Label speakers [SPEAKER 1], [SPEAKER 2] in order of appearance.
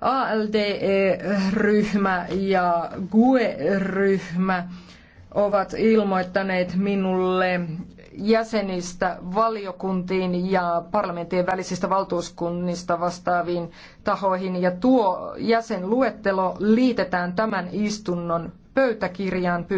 [SPEAKER 1] ALDE-ryhmä ja GUE-ryhmä ovat ilmoittaneet minulle jäsenistä valiokuntiin ja parlamenttien välisistä valtuuskunnista vastaaviin tahoihin. Ja tuo jäsenluettelo liitetään tämän istunnon pöytäkirjaan.
[SPEAKER 2] Pyydän